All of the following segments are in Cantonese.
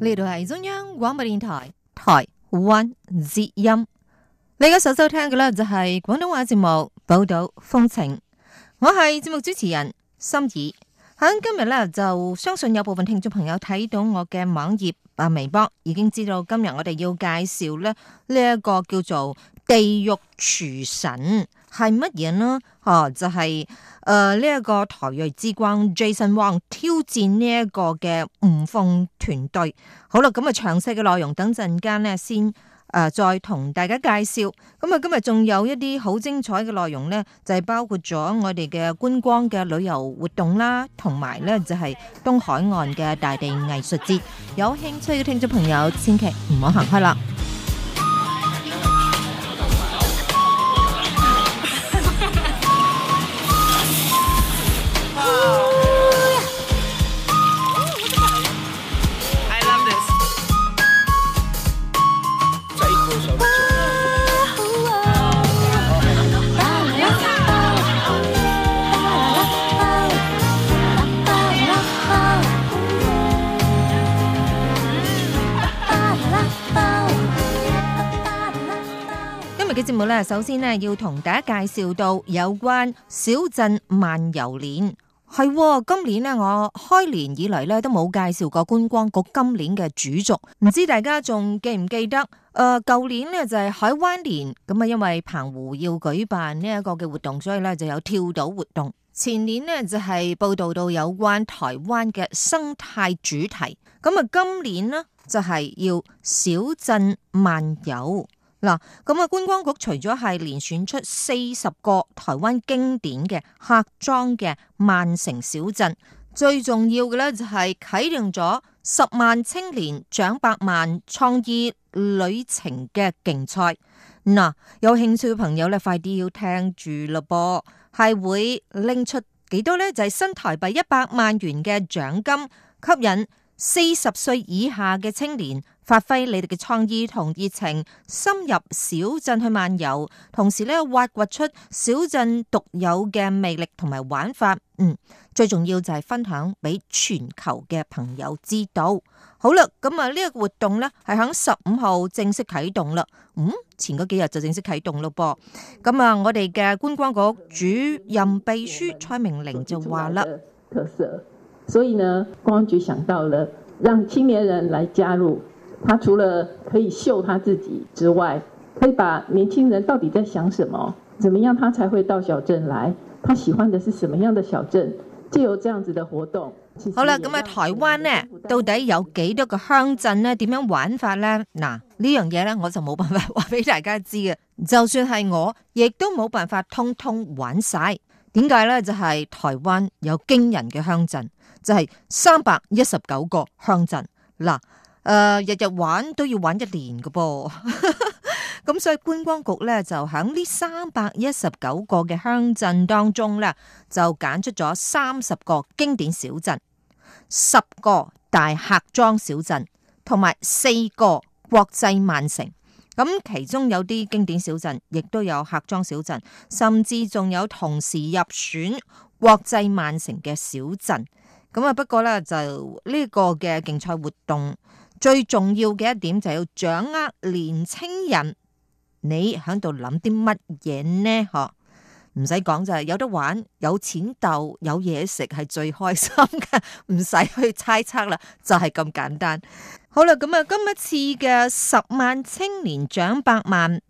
呢度係中央廣播電台台灣之音，你所收聽嘅呢就係廣東話節目寶島風情，我係節目主持人心儀。響今日呢，就相信有部分聽眾朋友睇到我嘅網頁啊微博，已經知道今日我哋要介紹咧呢一個叫做地獄廚神。係乜嘢呢？啊，就係誒呢一個台灣之光 Jason Wang 挑戰呢一個嘅吳鳳團隊。好啦，咁啊詳細嘅內容等陣間呢先誒再同大家介紹。咁、嗯、啊今日仲有一啲好精彩嘅內容呢，就係、是、包括咗我哋嘅觀光嘅旅遊活動啦，同埋呢就係東海岸嘅大地藝術節。有興趣嘅聽眾朋友，千祈唔好行開啦。今日嘅節目咧，首先呢，要同大家介紹到有關小鎮漫遊年，係今年呢，我開年以來咧都冇介紹過觀光局今年嘅主軸，唔知大家仲記唔記得？誒、呃，舊年呢，就係海灣年，咁啊因為澎湖要舉辦呢一個嘅活動，所以咧就有跳島活動。前年呢，就係報道到有關台灣嘅生態主題，咁啊今年呢，就係要小鎮漫遊。嗱，咁啊，觀光局除咗係連選出四十個台灣經典嘅客莊嘅慢城小鎮，最重要嘅咧，就係啟動咗十萬青年獎百萬創意旅程嘅競賽。嗱，有興趣嘅朋友咧，快啲要聽住啦噃，係會拎出幾多咧？就係、是、新台幣一百萬元嘅獎金，吸引四十歲以下嘅青年。發揮你哋嘅創意同熱情，深入小鎮去漫遊，同時咧挖掘出小鎮獨有嘅魅力同埋玩法。嗯，最重要就係分享俾全球嘅朋友知道。好啦，咁、嗯、啊，呢個活動咧係喺十五號正式啟動啦。嗯，前嗰幾日就正式啟動咯噃。咁啊，我哋嘅觀光局主任秘書蔡明玲就話啦：出出特色，所以呢，觀光局想到了讓青年人嚟加入。他除了可以秀他自己之外，可以把年輕人到底在想什麼，怎麼樣他才會到小鎮來？他喜歡的是什麼樣的小鎮？借由這樣子的活動，就是、好啦，咁啊，台灣呢到底有幾多個鄉鎮呢？點樣玩法呢？嗱，呢樣嘢咧，我就冇辦法話俾大家知嘅。就算係我，亦都冇辦法通通玩晒。點解咧？就係、是、台灣有驚人嘅鄉鎮，就係三百一十九個鄉鎮嗱。誒、呃，日日玩都要玩一年噶噃，咁 所以觀光局咧就喺呢三百一十九個嘅鄉鎮當中咧，就揀出咗三十個經典小鎮、十個大客莊小鎮，同埋四個國際慢城。咁其中有啲經典小鎮，亦都有客莊小鎮，甚至仲有同時入選國際慢城嘅小鎮。咁啊，不過咧就呢個嘅競賽活動。最重要嘅一點就係要掌握年青人，你喺度諗啲乜嘢呢？嗬，唔使講就係有得玩、有錢斗、有嘢食係最開心嘅，唔 使去猜測啦，就係咁簡單。好啦，咁啊今一次嘅十萬青年獎百萬，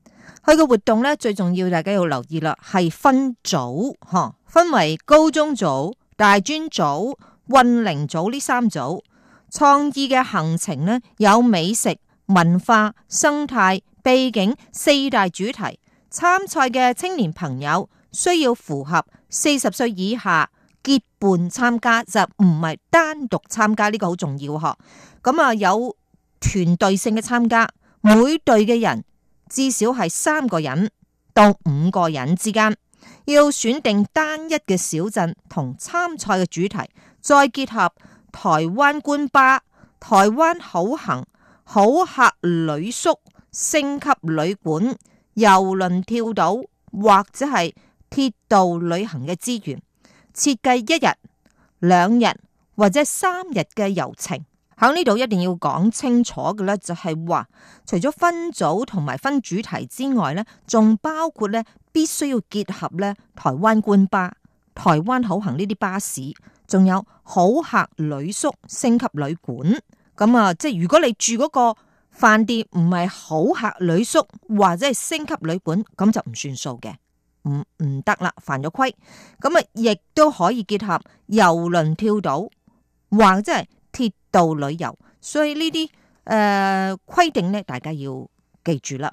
佢個活動咧最重要，大家要留意啦，係分組，嗬，分為高中組、大專組、混齡組呢三組。創意嘅行程呢，有美食、文化、生態、秘境四大主題。參賽嘅青年朋友需要符合四十歲以下，結伴參加就唔係單獨參加呢，這個好重要嗬。咁啊有團隊性嘅參加，每隊嘅人至少係三個人到五個人之間，要選定單一嘅小鎮同參賽嘅主題，再結合。台灣觀巴、台灣好行、好客旅宿、星級旅館、郵輪跳島或者係鐵道旅行嘅資源，設計一日、兩日或者三日嘅遊程。喺呢度一定要講清楚嘅咧，就係話除咗分組同埋分主題之外咧，仲包括咧必須要結合咧台灣觀巴、台灣好行呢啲巴士。仲有好客旅宿星級旅館，咁啊，即係如果你住嗰個飯店唔係好客旅宿或者係星級旅館，咁就唔算數嘅，唔唔得啦，犯咗規。咁啊，亦都可以結合遊輪跳島，或者係鐵道旅遊。所以呢啲誒規定咧，大家要記住啦。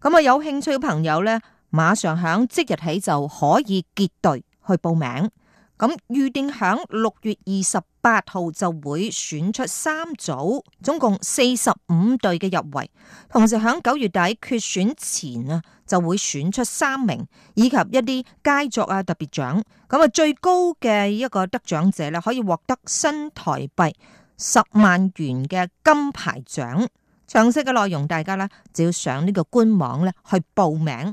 咁啊，有興趣嘅朋友咧，馬上響即日起就可以結隊去報名。咁預定喺六月二十八號就會選出三組，總共四十五隊嘅入圍。同時喺九月底決選前啊，就會選出三名以及一啲佳作啊特別獎。咁啊，最高嘅一個得獎者咧，可以獲得新台幣十萬元嘅金牌獎。詳細嘅內容，大家咧就要上呢個官網咧去報名。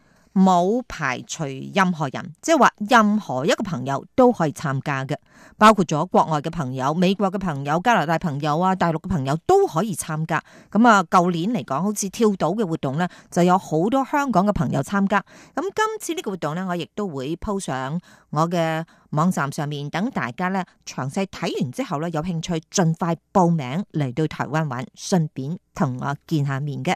冇排除任何人，即係話任何一個朋友都可以參加嘅，包括咗國外嘅朋友、美國嘅朋友、加拿大朋友啊、大陸嘅朋友都可以參加。咁、嗯、啊，舊年嚟講，好似跳島嘅活動咧，就有好多香港嘅朋友參加。咁、嗯、今次呢個活動咧，我亦都會鋪上我嘅網站上面，等大家咧詳細睇完之後咧，有興趣儘快報名嚟到台灣玩，順便同我見下面嘅。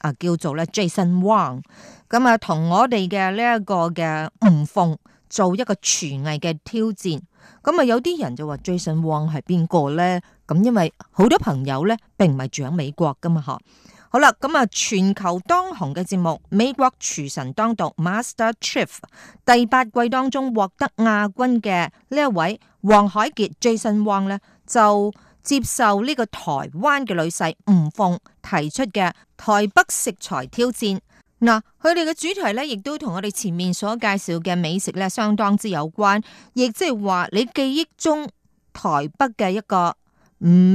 啊，叫做咧 Jason Wang，咁啊，同我哋嘅呢一個嘅吳鳳做一個廚藝嘅挑戰，咁、嗯、啊有啲人就話 Jason Wang 係邊個咧？咁因為好多朋友咧並唔係住喺美國噶嘛吓，好啦，咁啊全球當紅嘅節目《美國廚神當道》Master Chef 第八季當中獲得亞軍嘅呢一位王凱傑 Jason Wang 咧就接受呢個台灣嘅女婿吳鳳提出嘅台北食材挑戰，嗱，佢哋嘅主題咧，亦都同我哋前面所介紹嘅美食咧，相當之有關，亦即係話你記憶中台北嘅一個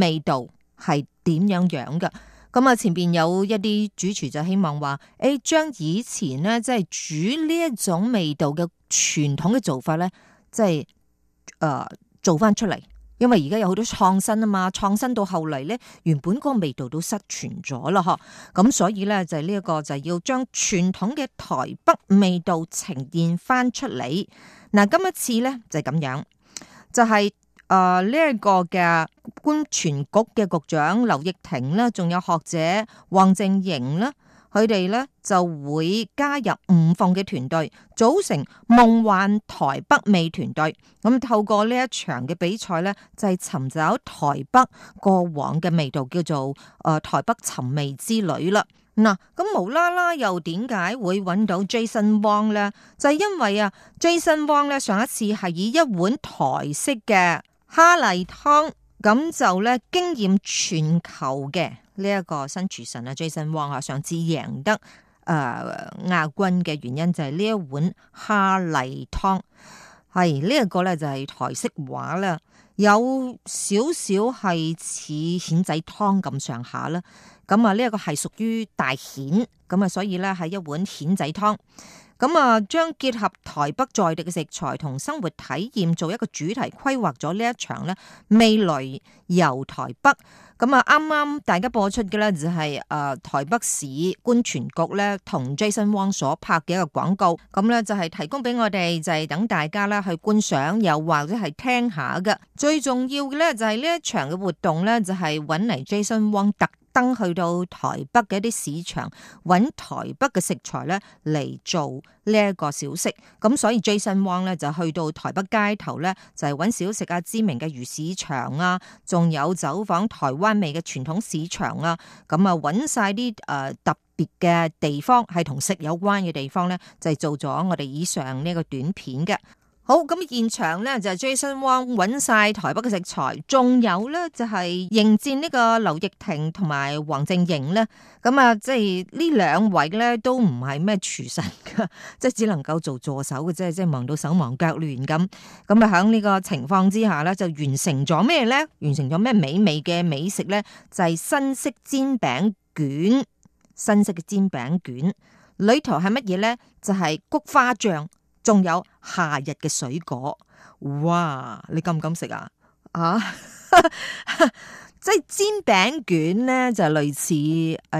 味道係點樣樣嘅。咁啊，前邊有一啲主廚就希望話，誒、哎，將以前咧即係煮呢一種味道嘅傳統嘅做法咧，即係誒做翻出嚟。因為而家有好多創新啊嘛，創新到後嚟咧，原本嗰個味道都失傳咗啦，嗬。咁所以咧就係呢一個就係、是、要將傳統嘅台北味道呈現翻出嚟。嗱，今一次咧就係、是、咁樣，就係誒呢一個嘅觀傳局嘅局長劉奕霆啦，仲有學者黃瀞瑩啦。佢哋咧就會加入吳鳳嘅團隊，組成夢幻台北味團隊。咁透過呢一場嘅比賽咧，就係尋找台北過往嘅味道，叫做誒、呃、台北尋味之旅啦。嗱、啊，咁無啦啦又點解會揾到 Jason Wang 咧？就係、是、因為啊，Jason Wang 咧上一次係以一碗台式嘅蛤蜊湯，咁就咧驚豔全球嘅。呢一個新廚神啊 Jason Wang 啊，上次贏得誒亞、呃、軍嘅原因就係、這個、呢一碗蝦泥湯，係呢一個咧就係、是、台式話啦，有少少係似蜆仔湯咁上下啦，咁啊呢一個係屬於大蜆，咁啊所以咧係一碗蜆仔湯。咁啊，將結合台北在地嘅食材同生活體驗，做一個主題規劃咗呢一場咧未來遊台北。咁啊，啱啱大家播出嘅咧就係誒台北市觀傳局咧同 Jason Wang 所拍嘅一個廣告。咁咧就係、是、提供俾我哋就係、是、等大家咧去觀賞，又或者係聽下㗎。最重要嘅咧就係呢一場嘅活動咧就係搵嚟 Jason Wang 特。登去到台北嘅一啲市場，揾台北嘅食材咧嚟做呢一個小食。咁所以 Jason Wang 咧就去到台北街頭咧，就係、是、揾小食啊，知名嘅魚市場啊，仲有走訪台灣味嘅傳統市場啊。咁、嗯、啊，揾晒啲誒特別嘅地方，係同食有關嘅地方咧，就係做咗我哋以上呢個短片嘅。好咁，現場咧就係 Jason Wang 揾晒台北嘅食材，仲有咧就係迎戰呢個劉奕霆同埋黃瀞瑩咧。咁啊，即係呢兩位咧都唔係咩廚神噶，即係只能夠做助手嘅啫，即係忙到手忙腳亂咁。咁啊，喺呢個情況之下咧，就完成咗咩咧？完成咗咩美味嘅美食咧？就係、是、新式煎餅卷，新式嘅煎餅卷。裏頭係乜嘢咧？就係、是、菊花醬。仲有夏日嘅水果，哇！你敢唔敢食啊？啊， 即係煎餅卷咧，就是、類似誒、哎，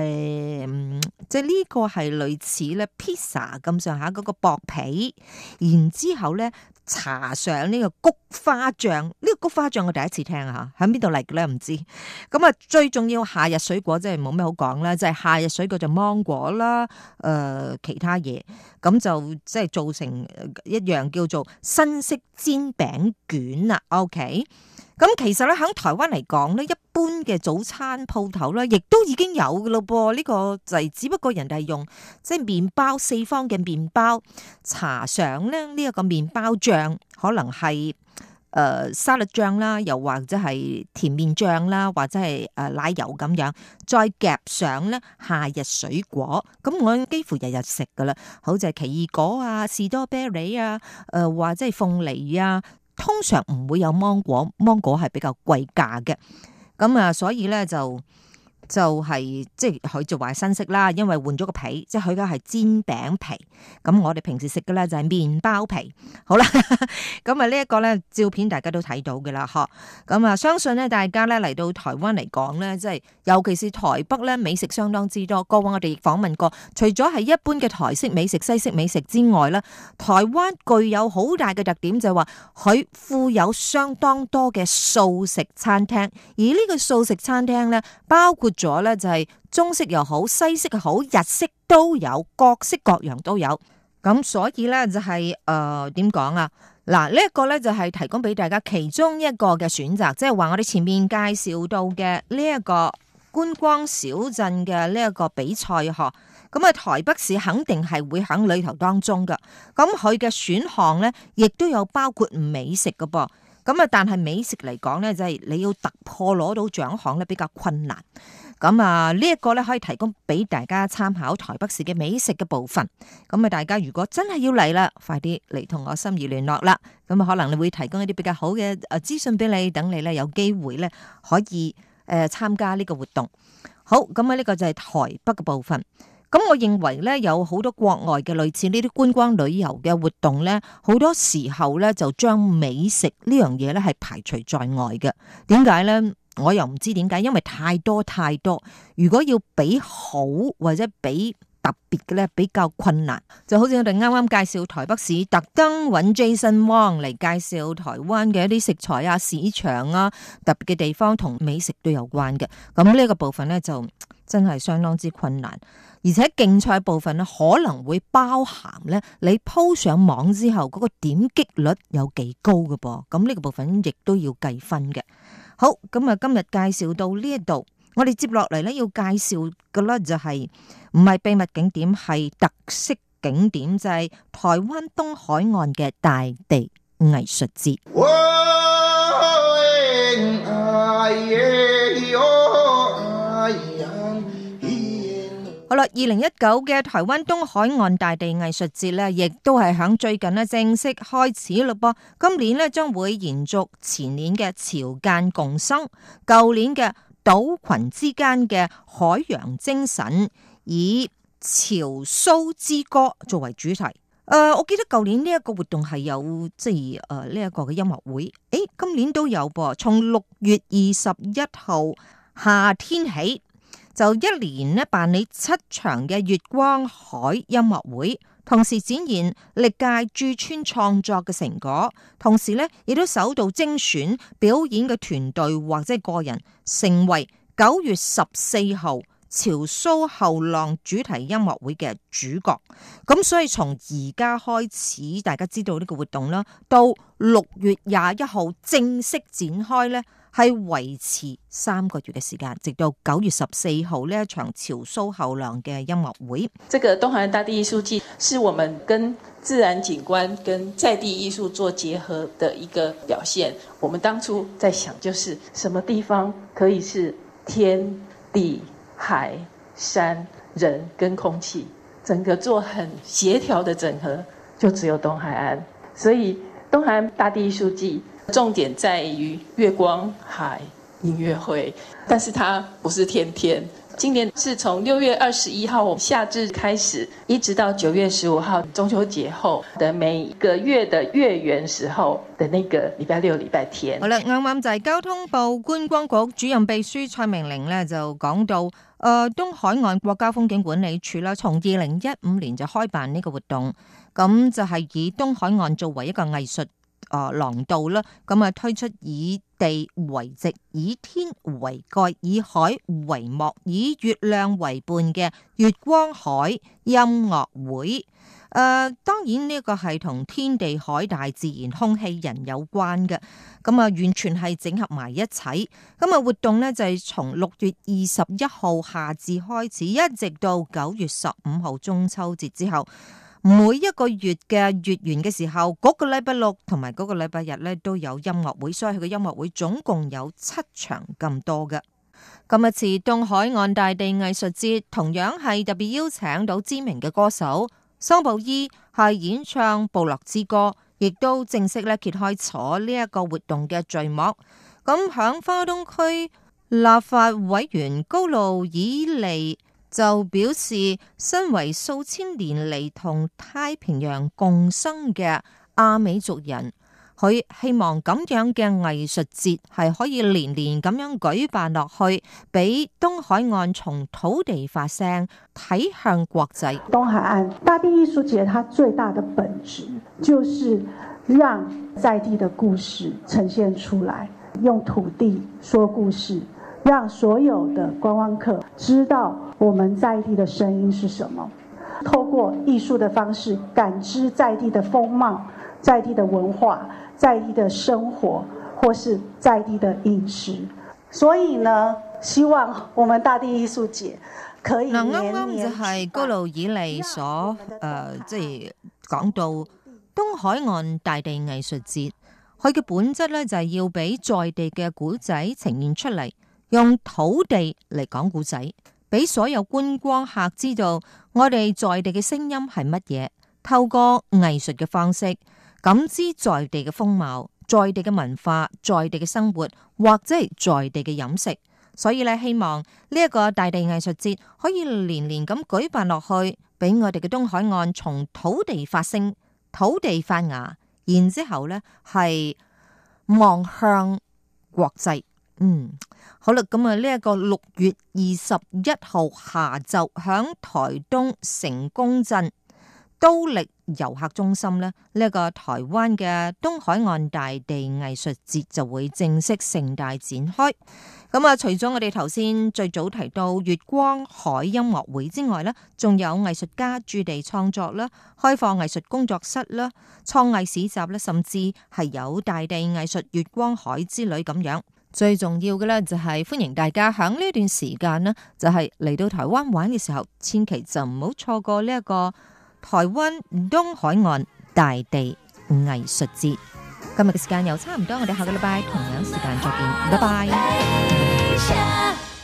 即係呢個係類似咧披薩咁上下嗰個薄皮，然之後咧。搽上呢個菊花醬，呢、這個菊花醬我第一次聽啊，喺邊度嚟嘅咧唔知。咁啊，最重要夏日水果真係冇咩好講啦，即係、就是、夏日水果就芒果啦，誒、呃、其他嘢咁就即係做成一樣叫做新式煎餅卷啦，OK。咁其實咧喺台灣嚟講咧，一般嘅早餐鋪頭咧，亦都已經有噶咯噃。呢個就只不過人哋用即係麵包四方嘅麵包，搽上咧呢一個麵包醬，可能係誒沙律醬啦，又或者係甜麵醬啦，或者係誒奶油咁樣，再夾上咧夏日水果。咁我幾乎日日食噶啦，好似係奇異果啊、士多啤梨啊，誒，或者係鳳梨啊。通常唔會有芒果，芒果係比較貴價嘅，咁啊，所以呢就。就係、是、即係佢就話新式啦，因為換咗個皮，即係佢家係煎餅皮。咁我哋平時食嘅咧就係麵包皮。好啦，咁 啊呢一個咧照片大家都睇到嘅啦，嗬。咁、嗯、啊相信呢，大家咧嚟到台灣嚟講咧，即係尤其是台北咧美食相當之多。過往我哋亦訪問過，除咗係一般嘅台式美食、西式美食之外咧，台灣具有好大嘅特點就係話佢富有相當多嘅素食餐廳，而呢個素食餐廳咧包括。咗咧就係中式又好、西式又好、日式都有，各式各樣都有。咁所以咧就係誒點講啊，嗱呢一個咧就係提供俾大家其中一個嘅選擇，即係話我哋前面介紹到嘅呢一個觀光小鎮嘅呢一個比賽，嗬。咁啊，台北市肯定係會喺旅途當中噶，咁佢嘅選項咧亦都有包括美食噶噃。咁啊，但係美食嚟講咧，就係、是、你要突破攞到獎項咧，比較困難。咁啊，呢一個咧可以提供俾大家參考。台北市嘅美食嘅部分，咁啊，大家如果真係要嚟啦，快啲嚟同我心儀聯絡啦。咁啊，可能你會提供一啲比較好嘅誒資訊俾你，等你咧有機會咧可以誒參加呢個活動。好，咁啊，呢個就係台北嘅部分。咁我認為咧，有好多國外嘅類似呢啲觀光旅遊嘅活動咧，好多時候咧就將美食呢樣嘢咧係排除在外嘅。點解咧？我又唔知點解，因為太多太多，如果要俾好或者俾特別嘅咧，比較困難。就好似我哋啱啱介紹台北市特登揾 Jason Wang 嚟介紹台灣嘅一啲食材啊、市場啊、特別嘅地方同美食都有關嘅。咁呢一個部分咧，就真係相當之困難。而且競賽部分咧，可能會包含咧，你鋪上網之後嗰個點擊率有幾高嘅噃，咁呢個部分亦都要計分嘅。好，咁啊今日介紹到呢一度，我哋接落嚟咧要介紹嘅咧就係唔係秘密景點，係特色景點，就係台灣東海岸嘅大地藝術節。好啦，二零一九嘅台灣東海岸大地藝術節咧，亦都係喺最近咧正式開始咯噃。今年咧將會延續前年嘅潮間共生，舊年嘅島群之間嘅海洋精神，以潮蘇之歌作為主題。誒、呃，我記得舊年呢一個活動係有即係誒呢一個嘅音樂會。誒，今年都有噃，從六月二十一號夏天起。就一年呢，辦理七場嘅月光海音樂會，同時展現歷屆駐村創作嘅成果，同時呢亦都首度精選表演嘅團隊或者個人，成為九月十四號潮蘇後浪主題音樂會嘅主角。咁所以從而家開始，大家知道呢個活動啦，到六月廿一號正式展開咧。係維持三個月嘅時間，直到九月十四號呢一場潮蘇後浪嘅音樂會。這個東海岸大地藝術季是我們跟自然景觀跟在地藝術做結合的一個表現。我們當初在想，就是什麼地方可以是天地海山人跟空氣，整個做很協調的整合，就只有東海岸。所以東海岸大地藝術季。重點在於月光海音樂會，但是它不是天天。今年是從六月二十一號夏至開始，一直到九月十五號中秋節後的每個月的月圓時候的那個禮拜六、禮拜天。好啦，啱啱就係交通部觀光局主任秘書蔡明玲呢，就講到，誒、呃，東海岸國家風景管理處啦，從二零一五年就開辦呢個活動，咁就係以東海岸作為一個藝術。啊、哦，廊道啦，咁、嗯、啊推出以地為席、以天為蓋、以海為幕、以月亮為伴嘅月光海音樂會。誒、呃，當然呢個係同天地海大自然空氣人有關嘅，咁、嗯、啊完全係整合埋一齊。咁啊活動呢，就係、是、從六月二十一號夏至開始，一直到九月十五號中秋節之後。每一個月嘅月圓嘅時候，嗰個禮拜六同埋嗰個禮拜日咧都有音樂會，所以佢嘅音樂會總共有七場咁多嘅。今日次東海岸大地藝術節同樣係特別邀請到知名嘅歌手桑布伊，係演唱《部落之歌》，亦都正式咧揭開咗呢一個活動嘅序幕。咁響花東區立法委員高露以利，就表示，身為數千年嚟，同太平洋共生嘅阿美族人，佢希望咁樣嘅藝術節係可以年年咁樣舉辦落去，俾東海岸從土地發聲，睇向國際。東海岸大地藝術節，它最大的本質就是讓在地的故事呈現出來，用土地說故事。讓所有的觀光客知道我們在地的聲音是什麼，透過藝術的方式感知在地的風貌、在地的文化、在地的生活或是在地的飲食。所以呢，希望我們大地藝術節可以年年剛剛就係高路以利所誒，即係講到東海岸大地藝術節，佢嘅本質咧就係要俾在地嘅古仔呈現出嚟。用土地嚟講故仔，俾所有觀光客知道我哋在地嘅聲音係乜嘢。透過藝術嘅方式，感知在地嘅風貌、在地嘅文化、在地嘅生活或者係在地嘅飲食。所以咧，希望呢一個大地藝術節可以年年咁舉辦落去，俾我哋嘅東海岸從土地發聲、土地發芽，然之後咧係望向國際。嗯，好啦，咁啊，呢一個六月二十一號下晝，響台東成功鎮都力遊客中心咧，呢、呢、一個台灣嘅東海岸大地藝術節就會正式盛大展開。咁啊，除咗我哋頭先最早提到月光海音樂會之外咧，仲有藝術家駐地創作啦，開放藝術工作室啦，創藝市集啦，甚至係有大地藝術月光海之旅咁樣。最重要嘅咧，就係歡迎大家喺呢段時間呢就係嚟到台灣玩嘅時候，千祈就唔好錯過呢一個台灣東海岸大地藝術節。今日嘅時間又差唔多，我哋下個禮拜同樣時間再見，拜拜。